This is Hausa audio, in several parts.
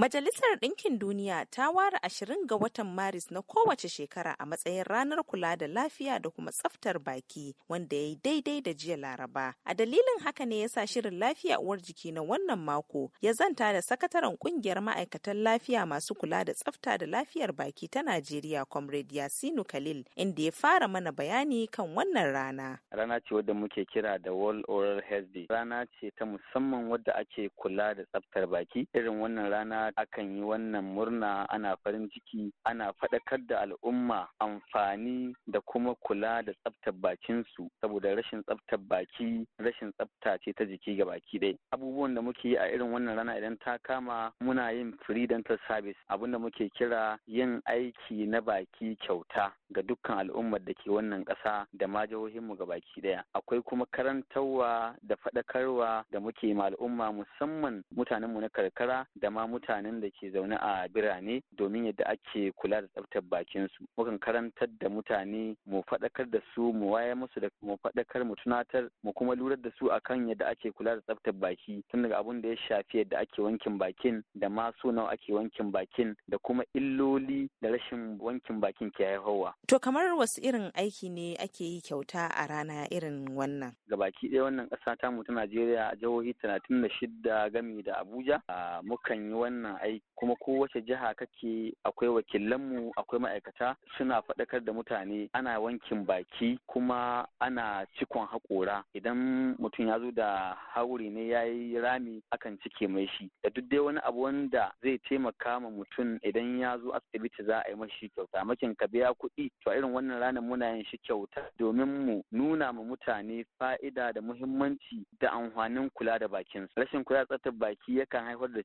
Majalisar Ɗinkin Duniya ta ware ashirin ga watan Maris na kowace shekara a matsayin ranar kula da lafiya da kuma tsaftar baki wanda ya yi daidai da jiya Laraba. A dalilin haka ne ya sa shirin lafiya uwar jiki na wannan mako ya zanta da sakataren kungiyar ma'aikatan lafiya masu kula da tsafta da lafiyar baki ta Najeriya Comrade Yasinu Khalil inda ya fara mana bayani kan wannan rana. Rana ce wadda muke kira da World Oral Health Day. Rana ce ta musamman wadda ake kula da tsaftar baki. Irin wannan rana akan yi wannan murna ana farin ciki ana faɗakar da al'umma amfani da kuma kula da tsaftar bakin su saboda rashin tsaftar baki rashin tsafta ce ta jiki ga baki ɗaya. abubuwan da muke yi a irin wannan rana idan ta kama muna yin free dental service abinda muke kira yin aiki na baki kyauta ga dukkan al'ummar da ke wannan ƙasa da ma jihohinmu ga baki ɗaya. akwai kuma karantarwa da faɗakarwa da muke ma al'umma musamman mutanenmu na karkara da ma mutane mutanen da ke zaune a birane domin yadda ake kula da tsaftar bakin su mukan karantar da mutane mu faɗakar da su mu waya musu da mu faɗakar mu tunatar mu kuma lurar da su akan yadda ake kula da tsaftar baki tun daga abun da ya shafi yadda ake wankin bakin da ma so nawa ake wankin bakin da kuma illoli da rashin wankin bakin ke haihuwa To kamar wasu irin aiki ne ake yi kyauta a rana irin wannan? Gabaki ɗaya wannan ƙasa ta ta Najeriya a jihohi talatin da shida gami da Abuja mukan yi wannan wannan ai kuma kowace jiha kake akwai wakilanmu akwai ma'aikata suna faɗakar da mutane ana wankin baki kuma ana cikon haƙora idan mutum ya zo da hauri ne ya yi rami akan cike mai shi da duk dai wani abu wanda zai taimaka ma mutum idan ya zo asibiti za a yi mashi kyauta makin ka biya kuɗi to a irin wannan ranar muna yin shi kyauta domin mu nuna ma mutane fa'ida da muhimmanci da amfanin kula da bakin rashin kula da tsaftar baki yakan haifar da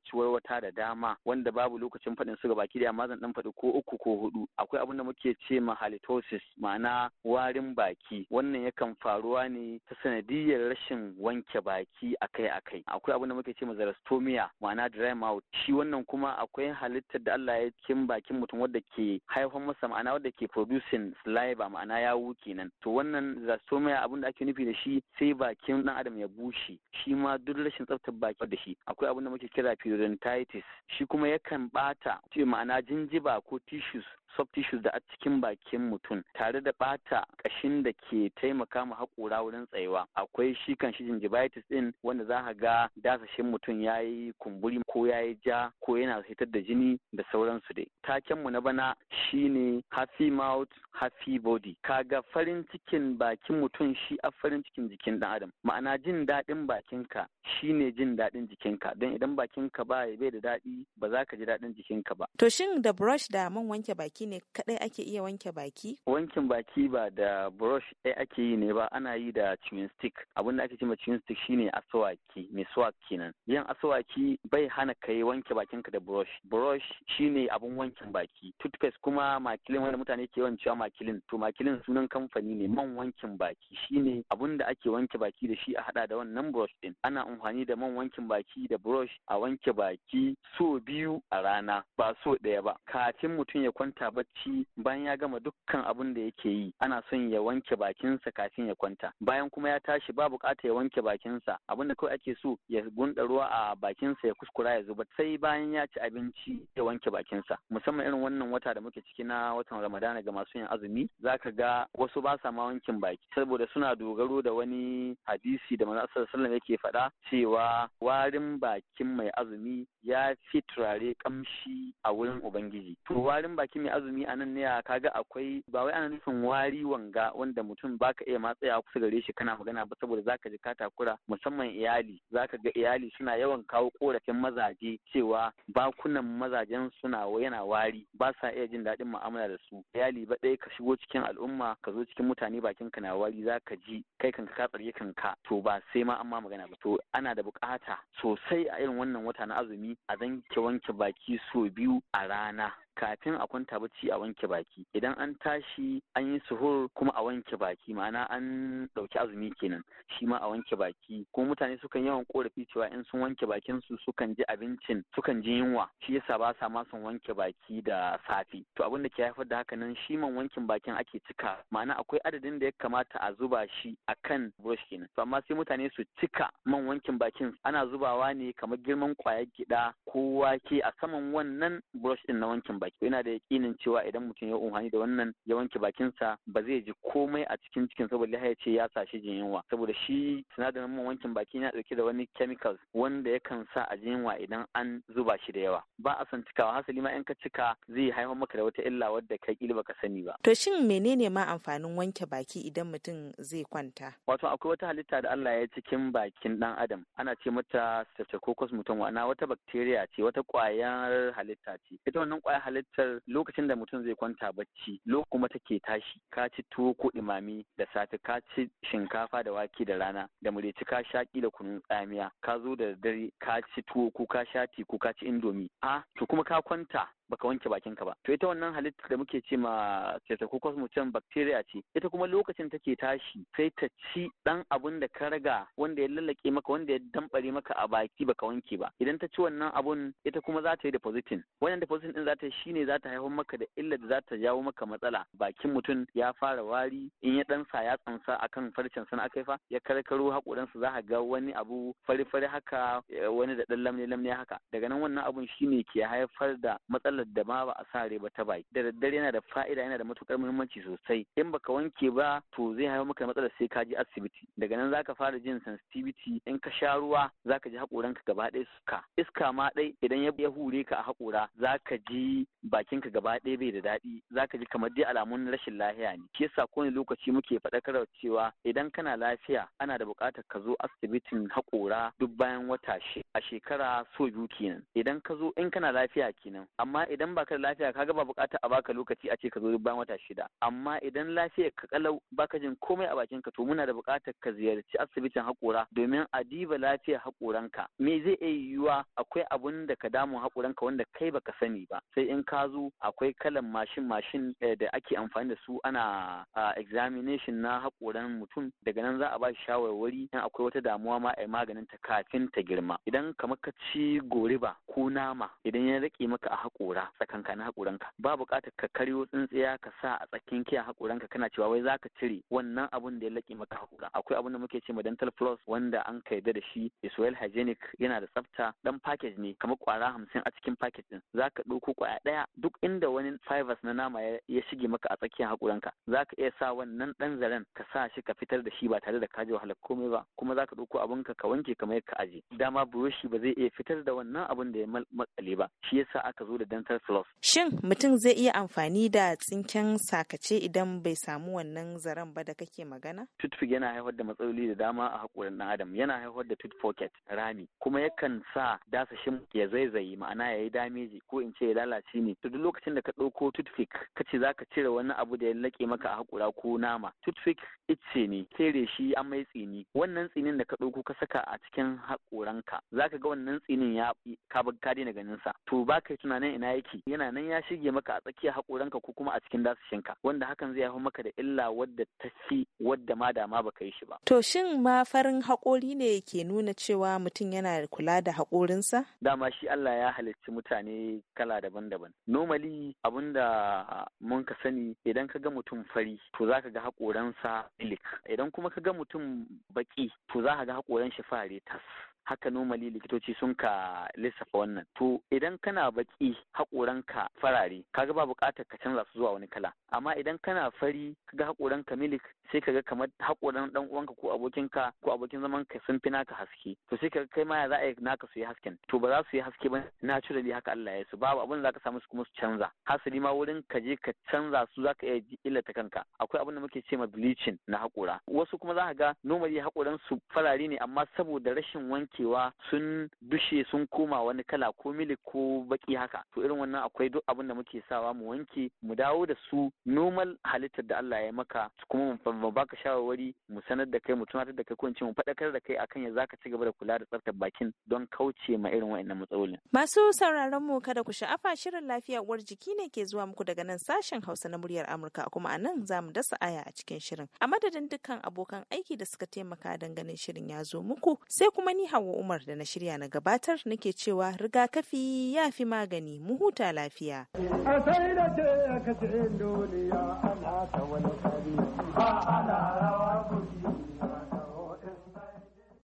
da da dama wanda babu lokacin faɗin su baki da amma zan dan faɗi ko uku ko hudu akwai abin da muke ce ma halitosis ma'ana warin baki wannan yakan faruwa ne ta sanadiyar rashin wanke baki akai-akai akwai abin da muke ce ma zarastomia ma'ana dry mouth shi wannan kuma akwai halittar da Allah ya kin bakin mutum wadda ke haifar masa ma'ana wadda ke producing saliva ma'ana yawu kenan to wannan xerostomia abin da ake nufi da shi sai bakin dan adam ya bushe shi ma duk rashin tsaftar baki da shi akwai abin da muke kira periodontitis shi kuma yakan ɓata ce ma'ana jinjiba ko tissues soft tissues da a cikin bakin mutum tare da bata kashin da ke taimaka mu haƙura wurin tsayewa akwai shi kan shi gingivitis din wanda za ka ga dasashin mutum ya yi kumburi ko ya yi ja ko yana fitar da jini da sauransu dai taken mu na bana shine happy mouth happy body kaga farin cikin bakin mutum shi a farin cikin jikin dan adam ma'ana jin daɗin bakinka shine jin daɗin jikinka don idan bakinka ba bai da daɗi ba za ka ji daɗin jikinka ba to shin da brush da man wanke baki ne kadai ake iya wanke baki? Wankin baki ba da brush ɗaya ake yi ne ba ana yi da chewing stick. Abin da ake cewa chewing stick shine aswaki, swak kenan. yan aswaki bai hana kai wanke bakinka da brush. Brush shine abin wankin baki. Toothpaste kuma makilin wanda mutane ke yawan cewa makilin. To makilin sunan kamfani ne man wankin baki shine abun da ake wanke baki da shi a hada da wannan brush din. Ana amfani da man wankin baki da brush a wanke baki so biyu a rana ba so ɗaya ba. Kafin mutum ya kwanta kwanta bacci bayan ya gama dukkan abin da yake yi ana son ya wanke bakinsa kafin ya kwanta bayan kuma ya tashi ba bukata ya wanke bakinsa abin da kawai ake so ya gunda ruwa a bakinsa ya kuskura ya zuba sai bayan ya ci abinci ya wanke bakinsa musamman irin wannan wata da muke ciki na watan ramadana ga masu yin azumi za ka ga wasu ba sa ma wankin baki saboda suna dogaro da wani hadisi da manzo sallallahu alaihi yake faɗa cewa warin bakin mai azumi ya fi turare kamshi a wurin ubangiji to warin bakin mai azumi a nan ne kaga akwai ba wai ana nufin wari wanga wanda mutum baka iya matsayawa kusa gare shi kana magana ba saboda zaka ji ka takura musamman iyali zaka ga iyali suna yawan kawo korafin mazaje cewa bakunan mazajen suna yana wari ba sa iya jin daɗin mu'amala da su iyali ba ɗaya ka shigo cikin al'umma ka zo cikin mutane bakin ka na wari zaka ji kai kanka ka tsare kanka to ba sai ma an ma magana ba to ana da bukata sosai a irin wannan wata na azumi a zanke wanke baki sau biyu a rana kafin a kwanta bacci a wanke baki idan an tashi an yi suhur kuma a wanke baki ma'ana an ɗauki azumi kenan shi ma a wanke baki ko mutane sukan yawan korafi cewa in sun wanke bakin su sukan ji abincin sukan ji yunwa shi yasa ba sa ma son wanke baki da safe to abin da ke haifar da haka nan shi man wankin bakin ake cika ma'ana akwai adadin da ya kamata a zuba shi a kan brush kenan to amma sai mutane su cika man wankin bakin ana zubawa ne kamar girman kwaya gida ko wake a saman wannan brush din na wankin baki baki yana da yakinin cewa idan mutum ya umhani da wannan ya wanke bakinsa ba zai ji komai a cikin cikin saboda ya ce ya sa shi jin yunwa saboda shi sinadarin man wankin baki yana dauke da wani chemicals wanda yakan sa a jin yunwa idan an zuba shi da yawa ba a san cikawa hasali ma in ka cika zai haifar maka da wata illa wadda kai kila baka sani ba to shin menene ma amfanin wanke baki idan mutum zai kwanta wato akwai wata halitta da Allah ya yi cikin bakin dan adam ana ce mata streptococcus mutum wa'ana wata bacteria ce wata kwayar halitta ce ita wannan kwayar halittar lokacin da mutum zai kwanta bacci lokacin kuma take tashi ka ci tuwo ko imami da safe ka ci shinkafa da wake da rana da mureci ka sha da kunun tsamiya ka zo da dare ka ci tuwo ko ka sha ko ka ci indomi a to kuma ka kwanta baka wanke bakin ka ba to ita wannan halitta da muke ce ma streptococcus mutum bacteria ce ita kuma lokacin take tashi sai ta ci dan abun da ka raga wanda ya lallake maka wanda ya dambare maka a baki baka wanke ba idan ta ci wannan abun ita kuma za ta yi depositing wannan depositing din za ta shine za ta haifar maka da illa da za ta jawo maka matsala bakin mutum ya fara wari in ya dan sa ya tsansa akan farcen sana akai fa ya karkaro sa za ka ga wani abu fari-fari haka eh, wani da dan lamne-lamne haka daga nan wannan abun shine ke haifar da matsala matsalar da ma ba a sa ba ta baki da daddare yana da fa'ida yana da matukar muhimmanci sosai in baka wanke ba to zai haifar maka matsalar sai ka je asibiti daga nan zaka fara jin sensitivity in ka sha ruwa zaka ji ka gaba ɗaya suka iska ma dai idan ya ya hure ka a hakora zaka ji bakinka gaba ɗaya bai da daɗi zaka ji kamar dai alamun rashin lahiya ne shi yasa kowane lokaci muke faɗakarwa cewa idan kana lafiya ana da buƙatar ka zo asibitin hakora duk bayan wata a shekara so biyu kenan idan ka zo in kana lafiya kenan amma idan baka da lafiya kaga ba bukata a baka lokaci a ce ka zo bayan wata shida amma idan lafiyar ka kalau baka jin komai a bakin ka to muna da bukatar ka ziyarci asibitin hakora domin a diba lafiyar ka me zai iya yiwuwa akwai abun da ka damun ka wanda kai baka sani ba sai in ka zo akwai kalan mashin mashin eh, da ake amfani da su ana examination na hakoran mutum daga nan za a ba shi shawarwari in akwai wata damuwa ma a maganin ta kafin ta girma idan kamar ka ci goriba ko nama idan ya rike maka a hakora haƙura tsakankanin haƙuranka ba buƙatar ka karyo tsintsiya ka sa a tsakin kiya haƙuranka kana cewa wai zaka cire wannan abun da ya laƙe maka haƙura akwai abun da muke ce ma dental plus wanda an kaida da shi Israel hygienic yana da tsafta dan package ne kamar ƙwara hamsin a cikin package din zaka ɗauko ƙwaya ɗaya duk inda wani fibers na nama ya shige maka a tsakiyar haƙuranka zaka iya sa wannan ɗan zaren ka sa shi ka fitar da shi ba tare da ka ji wahalar komai ba kuma zaka ɗauko abunka ka wanke kamar ka aje dama buroshi ba zai iya fitar da wannan abun da ya matsale ba shi yasa aka zo da dental floss. Shin mutum zai iya amfani da tsinken sakace idan bai samu wannan zaren ba da kake magana? tutfik yana haifar da matsaloli da dama a haƙurin ɗan adam yana haifar da tut pocket rami kuma yakan sa dasashin ya zaizayi, ma'ana ya yi dameji ko in ce ya lalace ne. To duk lokacin da ka ɗauko tutfik ka ce za ka cire wani abu da ya laƙe maka a haƙura ko nama. Tutfik icce ne fere shi an mai tsini wannan tsinin da ka ɗauko ka saka a cikin haƙuranka. za ka ga wannan tsinin ya ka daina ganin sa to ba ka yi tunanin ina yake yana nan ya shige maka a tsakiyar haƙoranka ko kuma a cikin ka, wanda hakan zai haifar maka da illa wadda ta fi wadda ma da ma baka yi shi ba. To shin ma farin haƙori ne ke nuna cewa mutum yana kula da haƙorinsa? Dama shi Allah ya halicci mutane kala daban-daban. Normally abinda mun ka sani idan ka ga mutum fari to za ka ga haƙoransa ilik. Idan kuma ka ga mutum baƙi to za ka ga haƙoran shi fare tas. haka nomali likitoci sun ka lissafa wannan to idan kana baki haƙoranka farare kaga ba buƙatar ka canza su zuwa wani kala amma idan kana fari kaga haƙoranka milik sai kaga kamar haƙoran dan uwanka ko abokinka ko abokin zaman ka sun fi naka haske to sai kaga kai ma ya za a yi naka su yi hasken to ba za su yi haske ba Na naturally haka Allah ya su babu abin da zaka samu su kuma su canza hasali ma wurin ka je ka canza su zaka iya illata kanka akwai abin da muke ce ma bleaching na haƙora wasu kuma za ka ga nomali haƙoran su farare ne amma saboda rashin wanke cewa sun dushe sun koma wani kala ko milik ko baki haka to irin wannan akwai duk abin da muke sawa mu wanke mu dawo da su normal halittar da Allah ya maka kuma mu baka shawarwari mu sanar da kai mu tunatar da kai ko mu faɗakar da kai akan ya zaka ci gaba da kula da tsaftar bakin don kauce ma irin wa'annan matsalolin. Masu sauraron mu kada ku sha'afa shirin lafiya uwar jiki ne ke zuwa muku daga nan sashen Hausa na muryar Amurka kuma a nan za mu dasa aya a cikin shirin. A madadin dukkan abokan aiki da suka taimaka don ganin shirin ya zo muku sai kuma ni hawa Hauwa Umar da na shirya na gabatar nake cewa rigakafi ya fi magani mu huta lafiya.